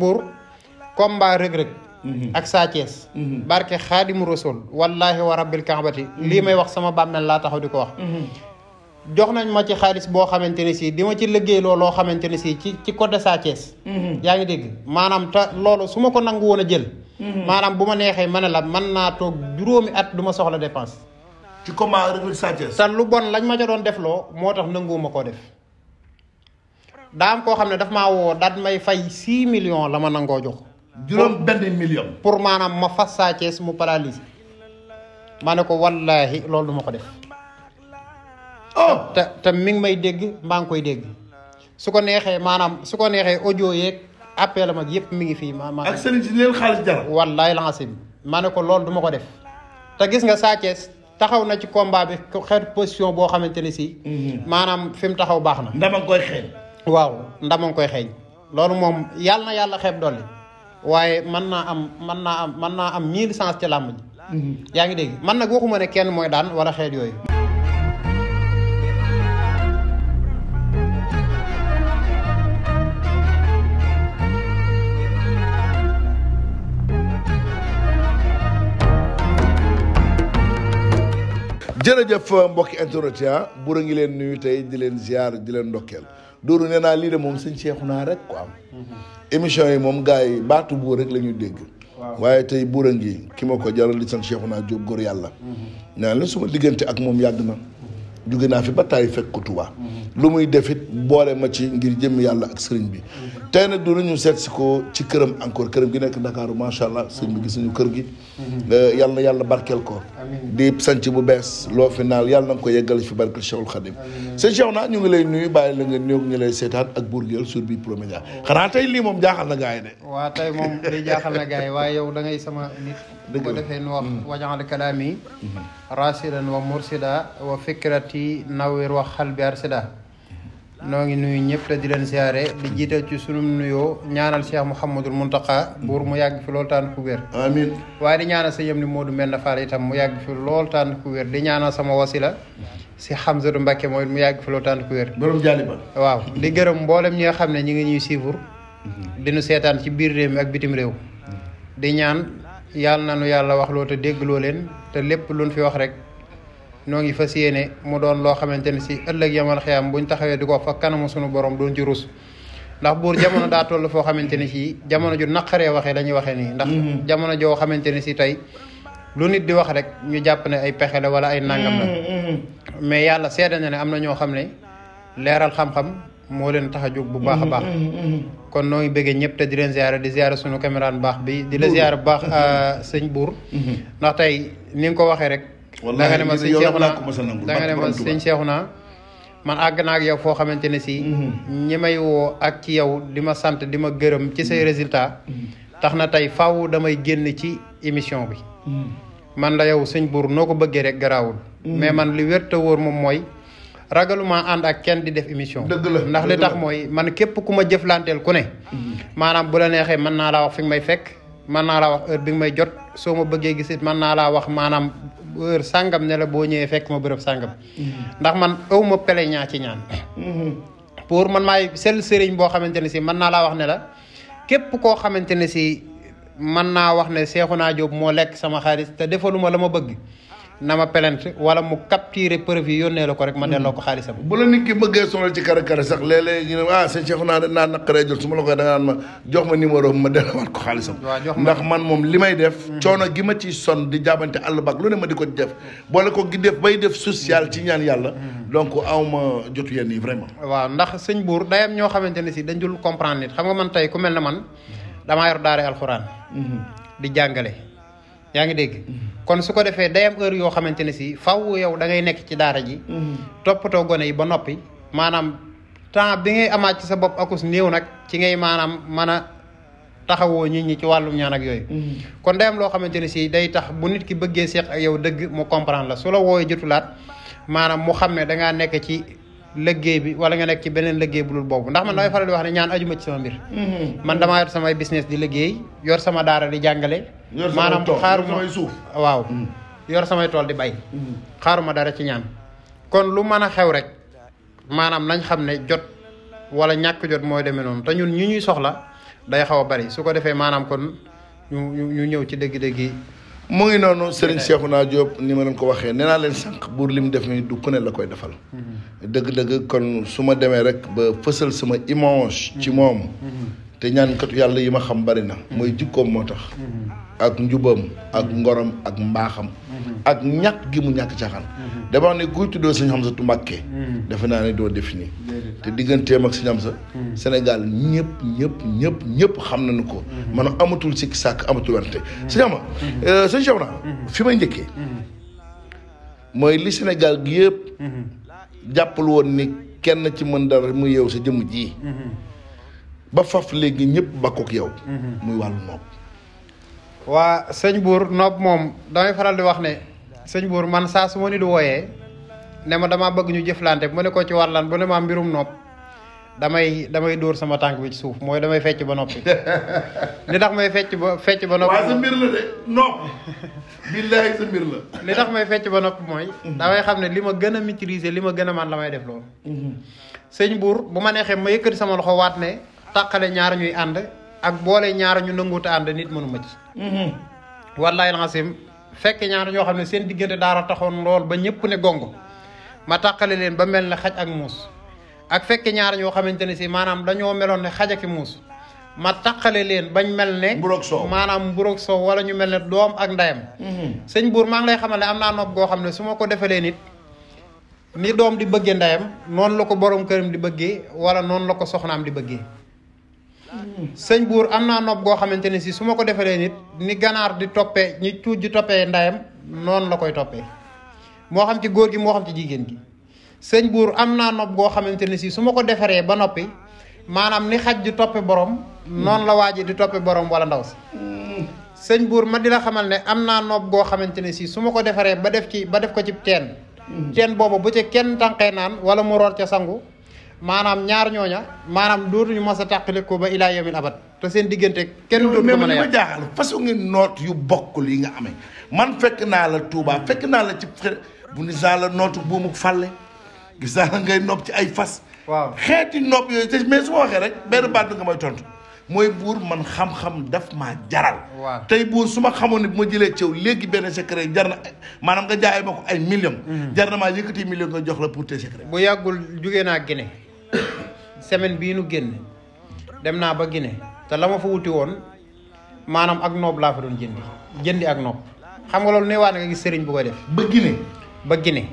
buur combat rëg-rëg mhm. ak Sa Thiès mhm. barke xaadimu rasul wallahi wa rabbil kaabati lii mhm. may wax sama bàmmeel laa taxaw di ko wax jox nañ ma ci xaalis boo xamante ne si di ma ci liggéey loo loo xamante ne si ci ci côté Sa yaa ngi dégg maanaam ta loolu su ma ko nangu woon a jël maanaam bu ma neexee ma ne la man naa toog juróomi at du ma soxla dépense ci combat rëg Sa lu bon lañ ma ca doon def loo moo tax nanguwuma koo def daa koo xam ne daf maa woo daat may fay 6 million la ma nangoo jox. juróom benn million. pour maanaam ma fas Sa Thiès mu paralysé ma ne ko wallaahi loolu du ko def. oh te te mi ngi may dégg maa ngi koy dégg su ko neexee maanaam su ko neexee audio yeeg appel mag yëpp mi ngi fii. ma ak sëriñ si leen xaalis jar. ne ko loolu du ko def te gis nga Sa taxaw na ci combat bi xeetu position boo xamante ne si. Mhm. maanaam fi mu taxaw baax na. ndama koy waaw ndam a ngi koy xeeñ loolu moom yàlla na yàlla xeeb dolli waaye mën naa am mën naa am man naa am mille chance ci làmb mhm. yaa ngi dégg man nag waxuma ne kenn mooy daan wala xeet yooyu jërëjëf mbokki internet bu ngi leen nuyu di leen ziar di leen ndokkeel Dóoru nee naa lii de moom sëñ Seexu naa rek ko am. émission yi moom gars yi baatu buur rek la ñuy dégg. waaye tey buur a ngi ki ma ko jaral di sant Seexu naa Jóob góor yàlla. Mm-hmm. naa la suma diggante ak moom yàgg na. jóge naa fi ba taay fekk ko lu muy defit boole ma ci ngir jëmm yàlla ak sëriñ bi tey nag du ñu seet si ko ci këram encore këram gi nekk Ndakaaru macha allah sëriñ bi gisuñu kër gi mhm. euh, yàlla yàlla barkeel ko di sanc bu bees loo fi naal yàlla na nga ko yeggale fi barkeel Cheikhul Khadim sëñ Cheikh naa ñu ngi lay nuyu bàyyi la nga néew ñu lay seetaan ak buur gi sur bi promédia xanaa tey lii moom jaaxal na gars yi de waaw tey moom di jaaxal na gars waaye yow dangay sama nit bu ko defee nu wax mhm. wajaxal kalaami mhm. rasidan wa mursida wa fikrati nawir wa xalbi arsida noo ngi nuyu ñëpp te di leen siyaare di jiital ci sunu nuyoo ñaanal Cheikh Mouhamadul Mountakha buur mu yàgg fi lool tànn ku wér waaye di ñaanal sa yëm ni Modou Mbenda Fall itam mu yàgg fi lool tànn ku wér di ñaanal sama wasila si Hamzatu Mbacke mooy mu yàgg fi lool tànn ku wér borom waaw di gërëm mboolem ñi nga xam ne ñi ngi ñuy suivre mhm. di seetaan ci biir réew mi ak bitim réew mhm. di ñaan yàlla na nu yàlla wax loo te déggloo leen te lépp luñ fi wax rek noo ngi fas yéene mu doon loo xamante ne si ëllëg yamal bu ñu taxawee di ko fa kanam sunu borom doon ci ndax buur jamono daa toll foo xamante ne si jamono ju naqaree waxee la waxee nii ndax mhm. jamono joo xamante ne si tey lu nit di wax rek ñu jàpp ne ay pexe la wala ay nangam la mhm, mhm. mais yàlla seede na ne am na ñoo xam ne leeral xam-xam moo leen tax a jóg bu baax a baax kon noo ngi bëggee ñëpp te di leen ziare di ziare sunu caméra bu baax bi di la ziare bu baax euh, sëñ buur ndax tey ni nga ko waxee rek da nga ne ma sëñ Seexuna da nga ne ma man àgg naa ak yow foo xamante ne si mhm. ñi may ak ci yow di ma sant di ma gërëm ci say mhm. résultat mhm. tax na tey faw damay génn ci émission bi man la yow sëñ buur noo ko bëggee rek garaawul mais man li wér te wóor moom mooy ragaluma ànd ak kenn di def émission dëgg ndax li tax mooy man képp ku ma jëflanteel ku ne maanaam bu la neexee mën naa laa wax fi may fekk mën naa laa wax heure bi may jot soo ma bëggee gisit man naa laa wax maanaam heure sàngam ne la boo ñëwee fekk ma bërëb sàngam ndax man aw ma peleñaa ci ñaan pour man maay sel sëriñ boo xamante ne si mën naa laa wax ne la képp koo xamante ne si mën naa wax ne naa Jóob moo lekk sama xaalis te defaluma la ma bëgg na ma pelente wala mu capturer preuve yi yónnee la ko rek ma delloo ko hmm. xaalisam. bu la nit ki bëggee sonal ci kare kare sax léeg-léeg ñu ne ah sëñ Cheikh naa naa naqaree jot su ma la koy jox ndax man moom li may def. Hmm. coono gi ma ciy son di jaabante àll ba lu ne ma di ko def boole ko gi def bay def social ci ñaan yàlla. Hmm. donc aw ma jotu yenn yi vraiment. waaw ndax sëñ Bour day am ñoo xamante ne si dañ dul comprendre nit xam man tey ku mel ne man damaa yor daare alxuraan. di jàngale. yaa ngi dégg kon su ko defee day am yoo xamante ne si faw yow da ngay nekk ci daara ji toppatoo gone yi ba noppi maanaam temps bi ngay amaat ci sa bopp akus néew nag ci ngay maanaam mën a taxawoo nit ñi ci wàllum ñaan yooyu mm-hmm. kon day loo xamante ne si day tax bu nit ki bëggee seet ak yow dëgg mu comprendre la su la wooyee jotulaat maanaam mu xam ne dangaa nekk ci liggéey bi wala nga nekk ci beneen liggéey bu dul boobu ndax man damay faral di wax ne ñaan ajuma ci sama mbir mhm. man damaa yor samay business di liggéey yor sama daara di jàngale maanaam xaaruma suuf waaw mhm. yor samay tool di bay mhm. xaaruma dara ci ñaan kon lu mën a xew rek maanaam nañ xam ne jot wala ñàkk jot mooy demee noonu te ñun ñu ñuy soxla day xaw a bari su ko defee maanaam kon ñu ñëw ci dëgg-dëgg yi mu ngi noonu Serigne Cheikhouna Diop ni ma leen ko waxee nee naa leen sànq buur li mu def nii du ku ne la koy defal. Mhm. dëgg-dëgg kon su ma demee rek ba fësal sama image. ci mhm. moom. Mhm. te ñaankatu yàlla yi ma xam bari na. mooy jikkoom moo tax. ak njubam ak ngorom ak mbaaxam. ak ñàkk gi mu ñàkk caaxaan. dama ne kuy tuddoo sëñ Hamsatu Mbàkke. defe naa ne doo def te digganteem ak sëñ Amsa hmm. Sénégal ñëpp ñëpp ñëpp ñëpp xam nañu ko hmm. a amatul sikki sàkk amatul wante sëñ Ama sëñ Cheikh hmm. fi may njëkkee mooy li Sénégal gi yëpp jàppal woon ni kenn ci mën dara muy yow sa jëmm ji ba faf léegi ñëpp bakkook yow muy wàllu noob waa sëñ noob moom damay faral di wax ne sëñ Buur man saa su ma nit wooyee ne ma dama bëgg ñu jëflante mu ne ko ci wàllan bu ne ma mbirum nopp damay damay dóor sama tànk bi ci suuf mooy damay fecc ba noppi li tax may fecc ba fecc ba noppi. li tax may fecc ba noppi mooy. damay xam ne li ma gën a maîtriser li ma gën a man la may def loolu. Mhm. sëñ buur bu ma neexee ma yëkkati sama loxo waat ne tàqale ñaar ñuy ànd ak boole ñaar ñu nanguute ànd nit mënu ma ci. Mhm. wallaay lancim fekk ñaar ñoo xam ne seen diggante daara taxoon lool ba ñëpp ne gongo. ma tàqale leen ba mel ne xaj ak muus ak fekke ñaar ñoo xamante ne si maanaam dañoo meloon ne xaj ak muus ma tàqale leen bañ mel ne mburoog soow maanaam mburoog soow wala ñu mel ne doom ak ndayam mm-hmm. sëñ buur maa ngi lay ne am naa nopp goo xam ne su ma ko defalee nit ni doom di bëggee ndayam noonu la ko borom këram di bëggee wala noonu la ko soxnaam di bëggee mm-hmm. sëñ buur am naa goo xamante ne si su ma ko defalee nit ni ganaar di toppee ñi cuuj di toppe ndayam noonu la koy toppee moo xam ci góor gi moo xam ci jigéen gi sëñ buur am naa nopp goo xamante ne sii su ma ko defaree ba noppi maanaam ni xaj di toppe borom noonu la waa ji di toppe borom wala ndaw si sëñ buur ma dina la xamal ne am naa nopp goo xamante ne sii su ma ko defaree ba def ci ba def ko ci teen teen boobu bu ca kenn tànqee naan wala mu ca sangu maanaam ñaar ñooña maanaam dootuñu ma a tàqale ko ba ilaa yawmil abad te seen diggante kenn dootu ko mën a yàq jaaxal ngeen noot yu bokkul yi nga amee man fekk naa la Touba fekk naa la ci bu ni saa la nootu buumuk fàlle gis naa la ngay nopp ci ay fas. waaw xeeti nopp yooyu mais su ma waxee rek benn baat nga may tontu. mooy buur man xam-xam daf maa jaral. waaw tey buur su ma xamoon ne bu jëlee ceew léegi benn secret jar na maanaam nga jaay ma ko ay millions. Mhm. jar na maa yëkkati millions nga jox la pour tes secret. bu yàggul jugee naa Guinée semaine bii nu génn dem naa ba Guinée te la ma fa wuti woon maanaam ak noob laa fa doon jëndi jëndi ak noob xam nga loolu nee waa nga sëriñ bu koy ba ba Guinée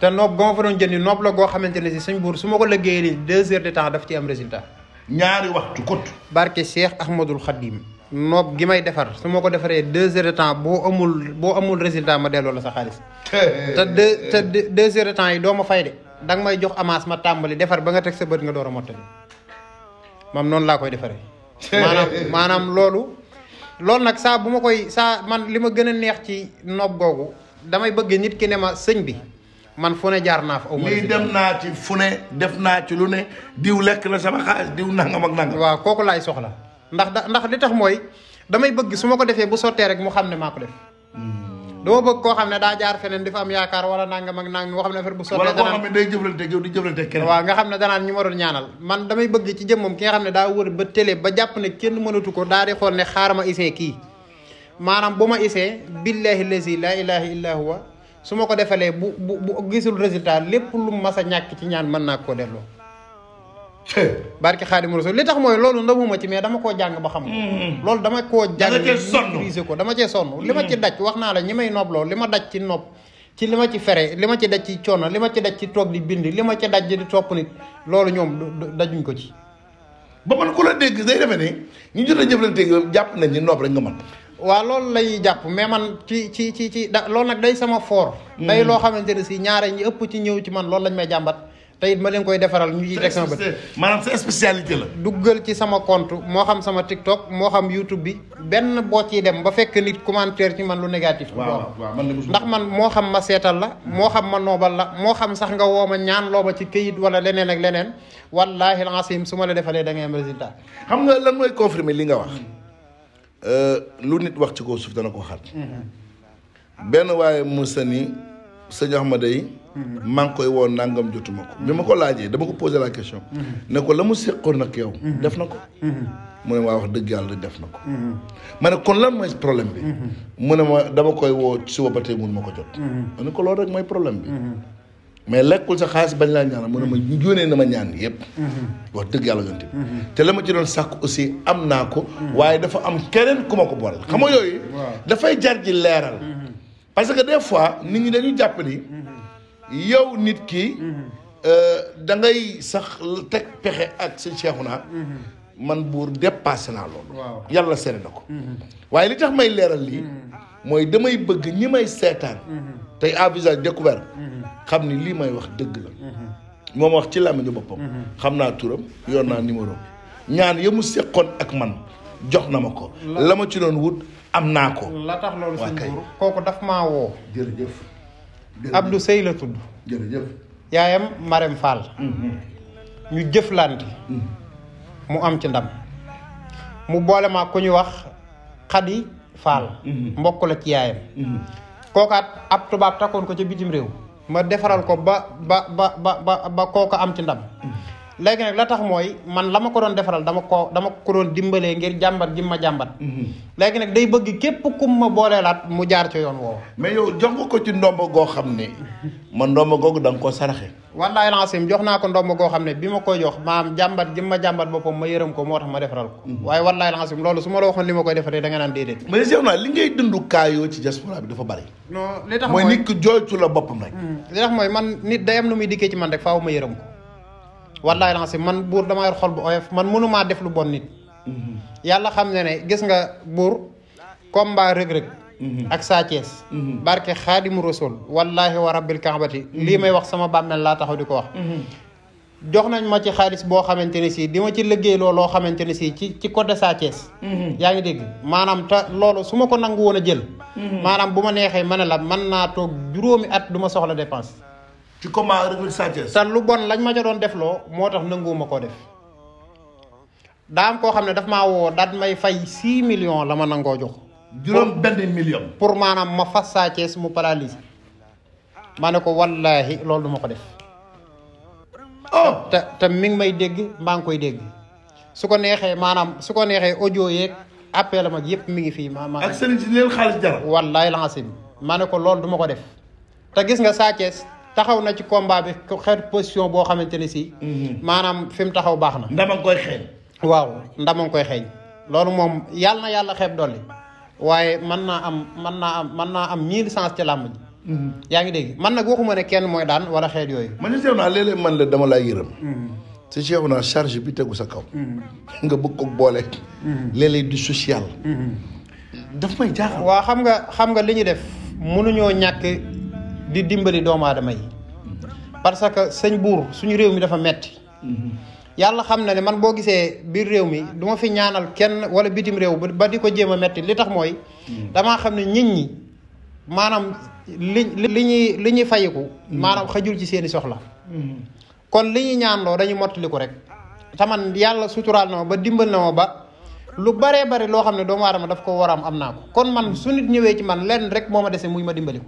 te noob goo ma fa doon jëndi noob la goo xamante ne si suñ su ma ko liggéeyee nii deux daf ci am résultat. ñaari waxtu kot. barke Cheikh Ahmadul Khadim noob gi may defar su ma ko defaree deux heures boo amul boo amul résultat ma delloo la sa xaalis. te deux te deux temps yi doo ma fay de danga may jox avance ma tàmbali defar ba nga teg sa bët nga door a mottali moom noonu laa koy defaree. maanaam loolu. loolu nag saa bu ma koy saa man li ma gën a neex ci noob googu damay bëgg nit ki ne ma sëñ bi man fu ne jaar naa fa. aw lii dem naa ci fu ne def naa ci lu ne diw lekk la sama xaalis diw nangam ak nangam. waaw kooku laay soxla ndax da ndax li tax mooy damay bëgg su ma ko defee bu sottee rek mu xam ne maa ko def. Hmm. dama bëgg koo xam ne daa jaar feneen di fa am yaakaar wala nangam ak nangam boo xam nga xam ne danaan ñu ma doon ñaanal man damay bëgg ci ki nga xam ne daa wër ba télé ba jàpp ne kenn mënatu ko daa di xool ne xaaral ma isee kii maanaam bu ma isee billahi lazi laa ilaha illa huwa su ma ko defalee bu bu bu gisul résultat lépp lu mas a ñàkk ci ñaan mën naa koo delloo barke xaadimu rasul li tax mooy loolu ndamuma ci mais dama koo jàng ba xam mm-hmm. loolu dama koo jàng maîtriser ko dama cee sonn li ma ci mm-hmm. daj wax naa la ñi may noobloo li ma daj ci nopp ci li ma ci fere li ma ci daj ci coono li ma ci daj ci toog di bind li ma ci daj di topp nit loolu ñoom dajuñ ko ci ba man ku la dégg day defe ñu jot a jëflanteeg jàpp nañ ni noob rek nga mën waaw loolu lay jàpp mais man ci ci ci ci da loolu nag day sama foor hmm. day loo xamante ne si ñaare ñi ëpp ci ñëw ci man loolu lañ may jàmbat tey it koy defaral ñu ciy teg sama bët maanaam sa spécialité la duggal ci sama compte moo xam sama TikTok moo xam YouTube bi benn boo ciy dem ba fekk nit commentaire ci man lu négatif ndax man moo xam ma seetal la moo xam ma noobal la moo xam sax nga woo ma ñaan loo ma ci këyit wala leneen ak leneen wallaahi al-asiim su ma la defalee da ngay am résultat xam nga lan mooy confirmer li nga wax hmm. Euh, lu nit wax ci kaw suuf dana ko xat benn waaye musa ni sëñ Ahmada yi maa ngi koy woo nangam jotuma ko bi ma ko laajee dama ko posé la question ne ko la mu séqoon nag yow def na ko mu ne maa wax dëgg yàlla def na ko ma ne kon lan mooy problème bi mu ne ma dama koy woo suba ba tey mun ma ko jot ma ne ko loolu rek mooy problème bi mais lekkul sa xaalis bañ laa ñaanal mu ne ma ñu mm-hmm. yónnee na ma ñaan yëpp. Mm-hmm. wax dëgg yàlla yonte bi mm-hmm. te la ma ci doon sàkk aussi am naa ko. waaye dafa am keneen ku ma ko boole. xam nga yooyu. dafay jar ji leeral. parce que des fois nit ñi dañu jàpp ni. yow nit ki. Euh, da ngay sax teg pexe ak sa Cheikhouna man buur dépassé naa loolu. yàlla seere na ko. waaye li tax may leeral lii. mooy damay bëgg ñi may seetaan. tey à visage découvert. xam ni lii may wax dëgg la moom wax ci làmmiñu boppam xam naa turam yoon naa numéro ñaan ya séqoon ak man jox na ma ko la ma ci wut am naa ko la tax loolu sëñ Buur kooku dafa ma woo jërëjëf Abdou Sey la tudd yaayam Marème Fall mhm. ñu jëflante mhm. mu am ci ndam mu boole maa ku ñu wax Xadi Fall mhm. mbokk la ci yaayam kookaat ab tubaab takkoon ko ca bitim réew ma defaral ko ba ba ba ba ba kooka am ci ndam léegi nag la tax mooy man la ma ko doon defaral dama ko dama ko doon dimbalee ngir jàmbat ji ma jàmbat. Mhm. léegi nag day bëgg képp kum ma booleelaat mu jaar ci yoon woowu. mais yow jox nga ko ci goo xam ne man ndomba googu da nga koo saraxe. wallaay lancim jox naa ko ndomba goo xam ne bi ma koy jox maam jàmbat ji ma jàmbat boppam ma yërëm ko moo tax ma defaral ko. Mhm. waaye wallaay lancim su ma la waxoon li ma koy defaree da naan déedéet. mais yow naa li ngay bari. non li tax mooy mooy nit ku jooytu la boppam rek. Mm, li man nit day am lu muy dikkee ci man rek faaw ma yërëm ko wallaay lancé man buur dama yor xol bu oyof man mënumaa def lu bon nit mhm. yàlla xam ne ne gis nga buur combat rëg-rëg mhm. ak Sa Thiès mhm. barke xaadimu rasul war a rabbil kaabati lii may wax sama bàmmeel laa taxaw di ko wax jox nañ ma ci xaalis boo xamante ne si di ma ci liggéey loolu loo xamante ne si ci ci côté Sa Thiès yaa ngi dégg maanaam ta loolu su ma ko nangu woon a jël maanaam bu ma neexee ma ne la mën naa toog juróomi at duma soxla dépense ci combat Reug Sa Thiès. lu bon lañ ma ca doon defloo moo tax nanguwuma koo def daam koo xam ne daf ma woo daat may fay 6 million la ma nangoo jox. juróom million. pour maanaam ma fas Sa Thiès mu paralysé ma ne ko wallaahi loolu duma ko def. oh te te mi ngi may dégg maa ngi koy dégg su ko neexee maanaam su ko neexee audio yeeg appel am ak yëpp mi ngi fii. maanaam ak seen si leen xaalis jar. wallaahi la nga ne ko loolu duma ko def te gis nga Sa taxaw na ci combat bi xeet position boo xamante ne si. Mhm. maanaam fi mu taxaw baax na. ndama nga koy xeeñ. waaw ndama nga koy xeeñ. loolu moom yàlla na yàlla xeeb dolli waaye mën naa am mën naa am mën naa am mille chance ci làmb mhm. yaa ngi dégg man nag waxuma ne kenn mooy daan wala xeet yooyu. man it naa léeg-léeg man la dama laa yërëm. si jeex naa charge bi tegu sa kaw. Mhm. nga bëgg ko boole. léeg di social. daf may jaaxal. waaw xam nga xam nga li ñu def mënuñoo ñàkk. di dimbali doomu aadama yi parce que sëñ buur suñu réew mi dafa metti yàlla xam na ne man boo gisee biir réew mi du ma fi ñaanal kenn wala bitim réew ba di ko jéem a metti li tax mooy damaa xam ne nit ñi maanaam li li ñuy li ñuy fayiku maanaam xajul ci seeni soxla kon li ñuy ñaanloo dañu mottaliku rek taman yàlla suturaal na ma ba dimbal na ma ba lu bare bari loo xam ne doomu aadama daf ko war am am naa ko kon man su nit ñëwee ci man lenn rek moo ma dese muy ma dimbali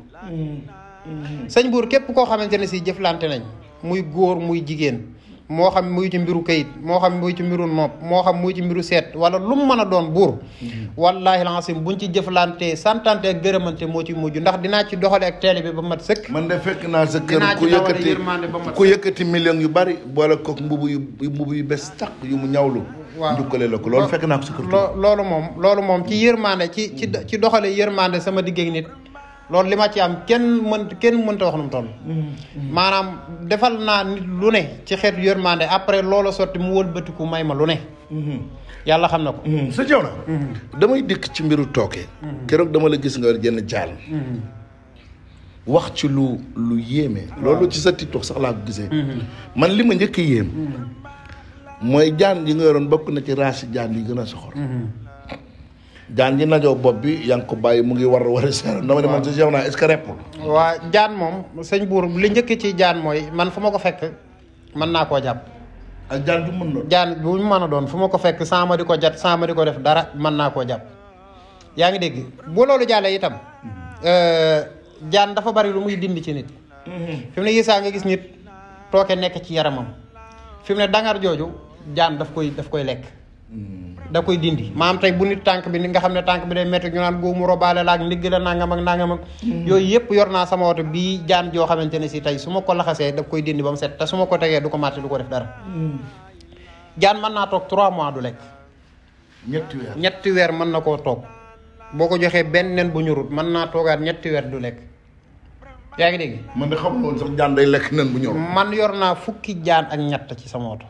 sëñ buur képp koo xamante ne si jëflante nañ muy góor muy jigéen moo xam muy ci mbiru kayit moo xam muy ci mbiru nopp moo xam muy ci mbiru seet wala lu mu mën a doon buur mm-hmm. wallaahi lancim buñ ci jëflante santante ak gërëmante moo ci mujj ndax dinaa ci doxale ak teele bi ba mat sëkk man de fekk naa sa kër ku yëkkati ku yëkkati million yu bari boole kook mbubu yu mbubb yu bes taq yu mu ñawlu waaw njukkale la ko loolu fekk naa ko sa kër loolu moom loolu moom ci yërmande ci ci ci doxale yërmande sama digg loolu li ma ci am kenn mën kenn mënta wax nu mu toll. Mm-hmm. maanaam defal naa nit lu ne ci xeetu yërmande après loola sotti mu wëlbatiku may ma lu ne. Mm-hmm. yàlla xam na ko. Mm-hmm. sa jaw damay dikk ci mbiru tooke. keroog dama la gis nga jën jënd jaal. wax ci lu lu yéeme. Ah. loolu ci sa tiktok sax laa ko gisee. man li ma njëkk a yéem. mooy jaan yi nga yoroon bokk na ci raasi jaan yi gën a soxor. jaan ji najoo bopp bi yaa ngi ko bàyyi mu ngi war a war a seer dama ne naa est waa jaan moom sëñ buur li njëkk ci jaan mooy man fu ma ko fekk mën naa koo jàpp ak ah, jaan ju mën mën a doon fu ma ko fekk sans ma di jat sans ma di def dara mën naa koo jàpp yaa ngi dégg bu loolu jàllee itam mhm. euh, jaan dafa bari muy dindi ci nit mhm. fi mu ne yisaa nga gis nit tooke nekk ci yaramam fi mu ne dangar jooju jaan daf koy daf koy lekk mhm. da koy dindi maam tey bu nit tànk bi ni nga xam ne tànk bi day métti ñu naan góomu robaale la ak ndigg la nangam ak nangam ak mm. yooyu yëpp yor naa sama woto bii jaan joo xamante ne si tey su ma ko laxasee da koy dindi ba set te su ma ko tegee du ko ko def dara mm. jaan mën naa toog trois mois du lekk ñetti weer ñetti weer mën na koo toog boo ko joxee benn nen bu ñurut mën naa toogaat ñetti weer du lekk yaa ngi dégg man de xamul woon sax jaan day lekk nen bu ñor man yor naa fukki jaan ak ñett ci sama woto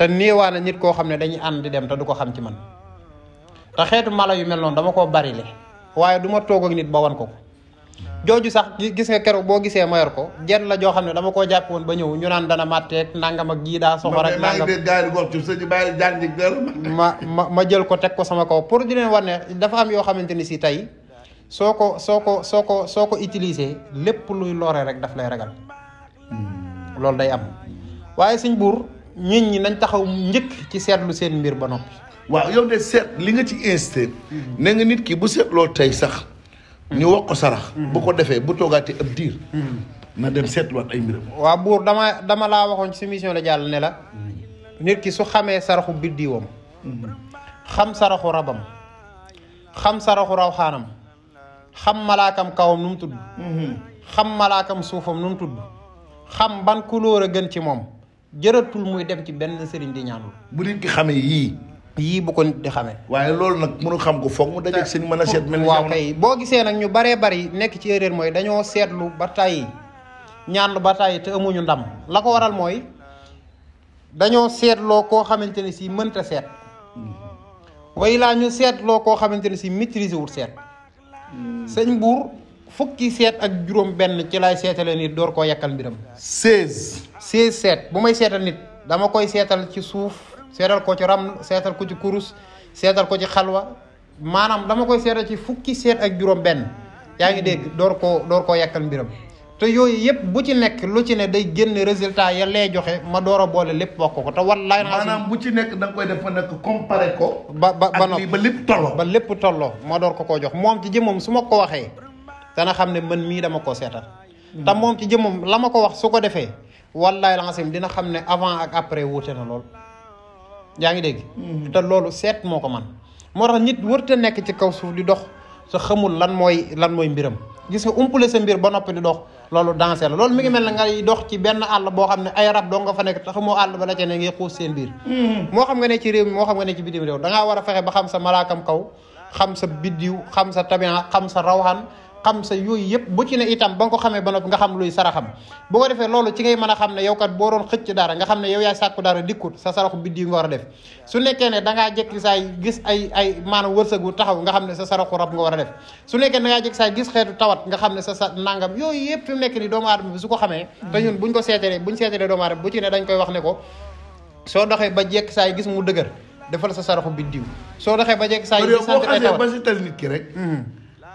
te néewaa na nit koo xam ne dañuy ànd di dem te du ko xam ci man te xeetu mala yu mel noonu dama koo bari le waaye duma ma toog ak nit ba wan ko ko jooju sax gis nga keroog boo gisee ma yor ko jenn la joo xam ne dama koo jàpp woon ba ñëw ñu naan dana màtteeg nangam ak jii daa soxor ak nangam ma ma ma jël ko teg ko sama kaw pour di leen dafa am yoo xamante ni si tey soo ko soo ko soo ko soo ko utiliser lépp luy loore rek daf lay ragal hmm. loolu day am waaye suñ buur nit ñi nañ taxaw njëkk ci seetlu seen mbir ba noppi. waaw yow de seet li nga ci insisté. Hmm. ne nga nit ki bu seetloo tey sax. Hmm. ñu wax ko sarax. Hmm. bu ko defee bu toogaatee ab diir. na dem seetluwaat ay mbiram. waaw buur dama dama laa waxoon ci mission la jàll ne la. nit ki su xamee saraxu biddiwam. xam saraxu rabam. xam saraxu raw xaanam. xam malaakam kawam nu mu tudd. xam malaakam suufam nu mu tudd. xam ban couleur a gën ci moom. jëratul muy dem ci benn sëriñ di ñaanul. bu nit ki xamee yii. yii bu ko nit di xamee. waaye loolu nag mënu xam ko foog mu dajeeg seen mën a seet. mel waaw kay boo gisee nag ñu baree bari nekk ci mooy dañoo seetlu ba tàyyi ñaanlu ba tàyyi te amuñu ndam la ko waral mooy dañoo seetloo koo xamante ne si mënta seet. Mm-hmm. way ñu seetloo koo xamante ne si maîtriser wul seet. Mm-hmm. sëñ Buur. fukki seet ak juróom benn ci laay seetale nit door koo yàkkal mbiram. seize. seize seet bu may seetal nit dama koy seetal ci suuf seetal ko ci ram seetal ko ci kurus seetal ko ci xalwa maanaam dama koy seetal ci fukki seet ak juróom benn yaa ngi dégg door koo door koo yàkkal mbiram. te yooyu yëpp bu ci nekk lu ci ne day génn résultat ya lay joxe ma door a boole lépp bokk ko te wallaay naa bu ci nekk da nga koy def fa nekk comparé ko. ba ba ba lépp tolloo ba lépp tolloo ma door ko koo jox moom ci jëmmam su ma ko waxee. dana xam ne man mii dama koo seetal te moom ci jëmmam la ma ko wax su ko defee wallaay lancim dina xam ne avant ak après wuute na lool. yaa ngi dégg. Mm-hmm. te loolu seet moo ko man moo tax nit wërta nekk ci kaw suuf di dox sa xamul lan mooy lan mooy mbiram. gis nga umpale mbir ba noppi di dox loolu dansé la loolu mi ngi mel ne ngay dox ci benn àll boo xam ne ay rab nga fa nekk te xamoo àll ba la ca ne seen biir. Mm-hmm. moo xam nga ne ci réew moo xam nga ne ci bitim réew dangaa war a fexe ba xam sa malaakam kaw xam sa biddiw xam sa tabia xam sa rawxan xam sa yooyu yëpp bu ci ne itam ba nga ko xamee ba noppi nga xam luy saraxam bu ko defee loolu ci ngay mën a xam ne yow kat boo doon xëcc dara nga xam ne yow yaay sàkku dara dikkut sa saraxu biddi nga a def su nekkee ne dangaa jekki saay gis xam ne sa saraxu rab nga war a def su nekkee ne dangaa jekki saay gis xeetu tawat nga xam ne sa sa bi su ko xamee te ñun buñ soo doxee ba jekki saay gis mu dëgër defal sa saraxu biddiw soo doxee ba jekki saay gis sant ay tawat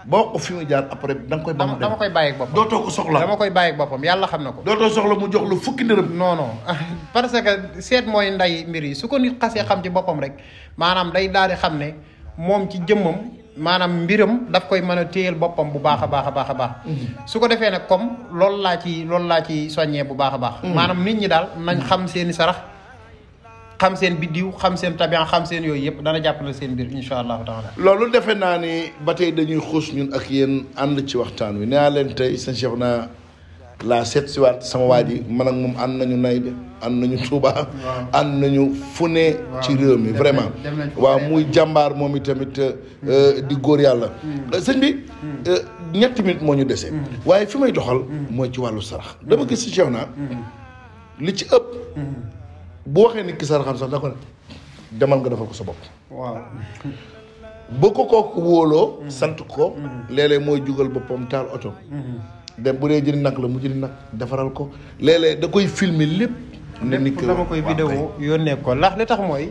boo ko fi mu jaar après da nga koy. ba bàyyi ak boppam dootoo ko soxla. dama koy bàyyi ak boppam yàlla xam na ko. dootoo soxla mu jox lu fukki dërëm. noonoo non parce que seet mooy nday mbir yi su ko nit xasee xam ci boppam rek maanaam day daal xam ne moom ci jëmmam maanaam mbiram daf koy mën a téyel boppam bu baax a baax a baax a mm-hmm. su ko defee nag comme loolu laa ci loolu laa ci soññee bu baax a baax. Mm-hmm. maanaam nit ñi daal nañ xam seeni sarax. xam seen biddiw xam seen tabian xam seen yooyu yëpp dana jàppale seen mbir incha allahu taala loolu defe naa ni ba tey dañuy xuus ñun ak yéen ànd ci waxtaan wi nee leen tey sëñ Cheikh naa laa seet si waat sama waa yi man moom ànd nañu nay de ànd nañu Touba ànd nañu fu ci réew mi vraiment waa muy jàmbaar moom i tamit euh, euh, di góor yàlla hmm. euh, sëñ bi hmm. ñetti minute moo ñu dese hmm. waaye fi may doxal mooy ci wàllu sarax dama gis si Cheikh naa li ci ëpp bu waxee nit ki saraxam sax da ko ne demal nga defal ko sa bopp. waaw. ko kooku wóoloo. Mm-hmm. sant ko. Mm-hmm. léeg mooy jugal boppam taal oto. Mm-hmm. dem bu dee jënd nag la mu jënd nag defaral ko léeg-léeg da koy filmer lépp. ne nit ki koy vidéo yónnee ko ndax li tax mooy.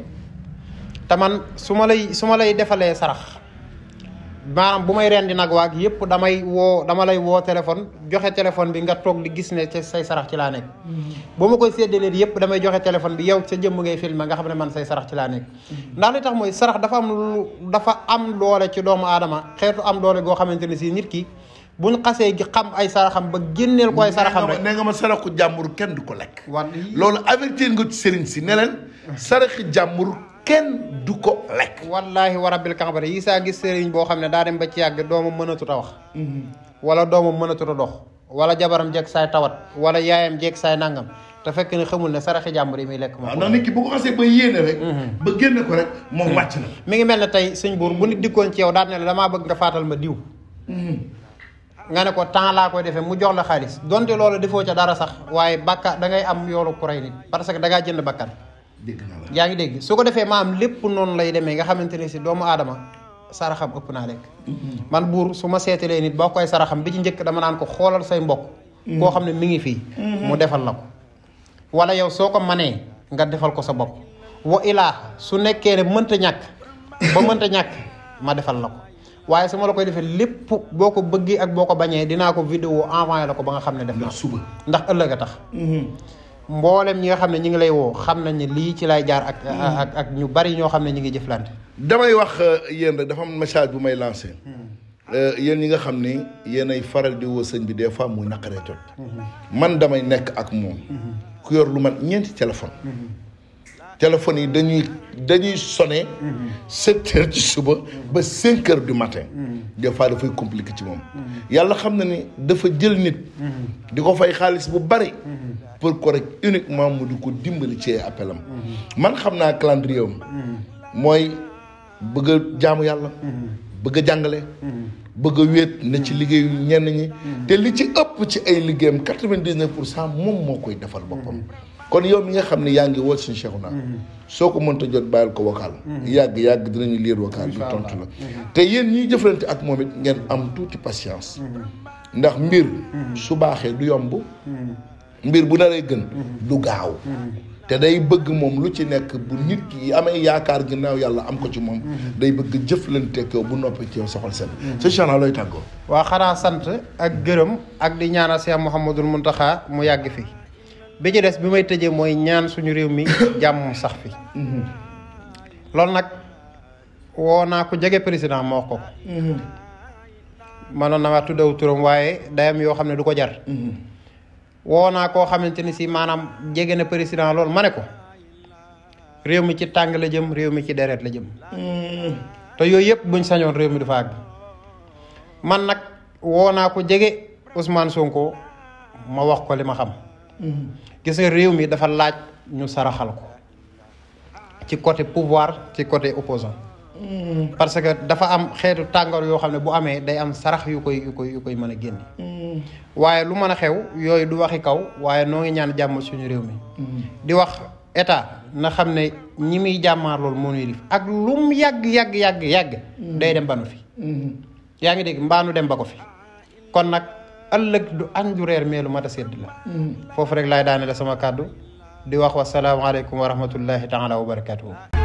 taman su ma lay su ma lay defalee sarax. maanaam bu may rendi nag waag yëpp damay woo dama lay woo téléphone joxe téléphone bi nga toog di gis ne ca say sarax ci laa nekk mm-hmm. bu ma koy séddalee yépp damay joxe téléphone bi yow sa jëmm ngay filmé nga xam ne man say sarax ci laa mm-hmm. ndax li tax mooy sarax dafa am dafa am doole ci doomu aadama xeetu am doole goo xamante ne si nit ki buñ xasee xam ay saraxam ba génneel ko ay saraxam rek nee nga ma saraxu jàmbur kenn du ko lekk loolu avertir nga ci sëriñ si ne leen mm-hmm. jàmbur kenn du ko lekk. wallaahi wa rabbil kaxbara yi saa gis sëriñ boo xam ne daa dem ba ci yàgg doomam mënatut a wax. wala doomam mënatut a dox. wala jabaram jeeg saay tawat. wala yaayam jeeg saay nangam. te fekk ne xamul ne saraxi jàmbur yi muy lekk. moom ndax nit ki bu ko mhm. moom wàcc mi ngi mel ne tey sëñ buur bu nit dikkoon ci yow daal ne damaa bëgg nga faatal ma diw. Mhm. nga ne ko temps laa koy defee mu jox la xaalis donte loolu defoo ca dara sax waaye bàkkaar da ngay am yoolu ku rey nit parce que da jënd bakkan dégg yaa ngi dégg su ko defee maam lépp noonu lay demee nga xamante ne si doomu aadama saraxam ëpp naa lekk. Mm-hmm. man buur su ma seetalee nit boo koy saraxam bi ci njëkk dama naan ko xoolal say mbokk. Mm-hmm. koo xam ne mi ngi fii. Mm-hmm. mu defal la ko. wala yow soo ko manee nga defal ko sa bopp. wa ilaa su nekkee ne mënta ñàkk ba mënta ñàkk ma defal la ko. waaye su ma la koy defee lépp boo ko bëggee ak boo ko bañee dinaa ko vidéo envoyé la ko ba nga xam ne def naa. suba ndax ëllëg a tax. mboolem ñi nga xam ne ñi ngi lay woo xam nañ ne lii ci lay jaar ak hmm. ak ak ñu bari ñoo xam ne ñi ngi jëflante damay wax euh, yéen rek dafa message bu may lancé hmm. euh, yéen ñi nga xam ni yéen ay faral di woo sëñ bi des fois muy naqaree jot hmm. man damay nekk ak moom ku yor lu man ñeenti téléphone téléphone yi dañuy dañuy sonné sept heures ci suba ba cinq heures du matin des fois dafay compliqué ci moom yàlla xam na ni dafa jël nit di ko fay xaalis bu bari pour ko rek uniquement mu di ko dimbali ci appel am man xam naa calendrier am mooy bëgg a jaamu yàlla bëgg jàngale bëgg a wéet na ci liggéeyu ñenn ñi te li ci ëpp ci ay liggéeyam quatre-vingt-dix-neuf pour cent moom moo koy defal boppam kon yow mi nga xam ne yaa ngi woo suñu Cheikh naa soo ko mënta jot bàyyil ko vocal yàgg yàgg dinañu liir vocal bi tontu la te yéen ñiy jëflante ak moom it ngeen am tuuti patience mm-hmm. ndax mbir mm-hmm. su baaxee du yomb mbir bu naree gën du gaaw te day bëgg moom lu ci nekk bu nit ki amee yaakaar ginnaaw yàlla am ko ci moom day bëgg jëf jëflanteeg yow bu noppi ci yow soxal seen mm-hmm. sa chana looy tàggoo waa xanaa sant ak gërëm ak di ñaanal Cheikh Mouhamadul Mountakha mu yàgg fi bi ci des bi may tëjee mooy ñaan suñu réew mi jàmm sax fi mm-hmm. loolu nag woo naa ko jege président moo ko ko mënoon mm-hmm. na wax tuddaw turam waaye dayam yoo xam ne du ko jar woo naa koo xamante ni si maanaam jege na président loolu ma ne ko réew mi ci tàng la jëm réew mi ci deret la jëm. Mm. te yooyu yëpp buñ sañoon réew mi fa man nag woo naa ko jege Ousmane Sonko ma wax ko li ma xam. Mm. gis réew mi dafa laaj ñu saraxal ko ci côté pouvoir ci côté opposant mm. parce que dafa am xeetu tàngoor yoo xam ne bu amee day am sarax yu koy yu koy koy mën a génn waaye lu mën a xew yooyu du waxi kaw waaye noo ngi ñaan jàmm suñu réew mi. Mm-hmm. di wax état na xam ne ñi muy jàmmaar loolu moo ñuy ak lum yàgg yàgg yàgg yàgg. Mm-hmm. day dem ba fi. Mm-hmm. yaa ngi dégg mbaanu dem ba ko fi kon nag ëllëg du añ du reer meelu mat a sedd la. foofu rek laay daane la sama kàddu di wax wasalaamaaleykum wa rahmatullahi taala wa barakaatuhu.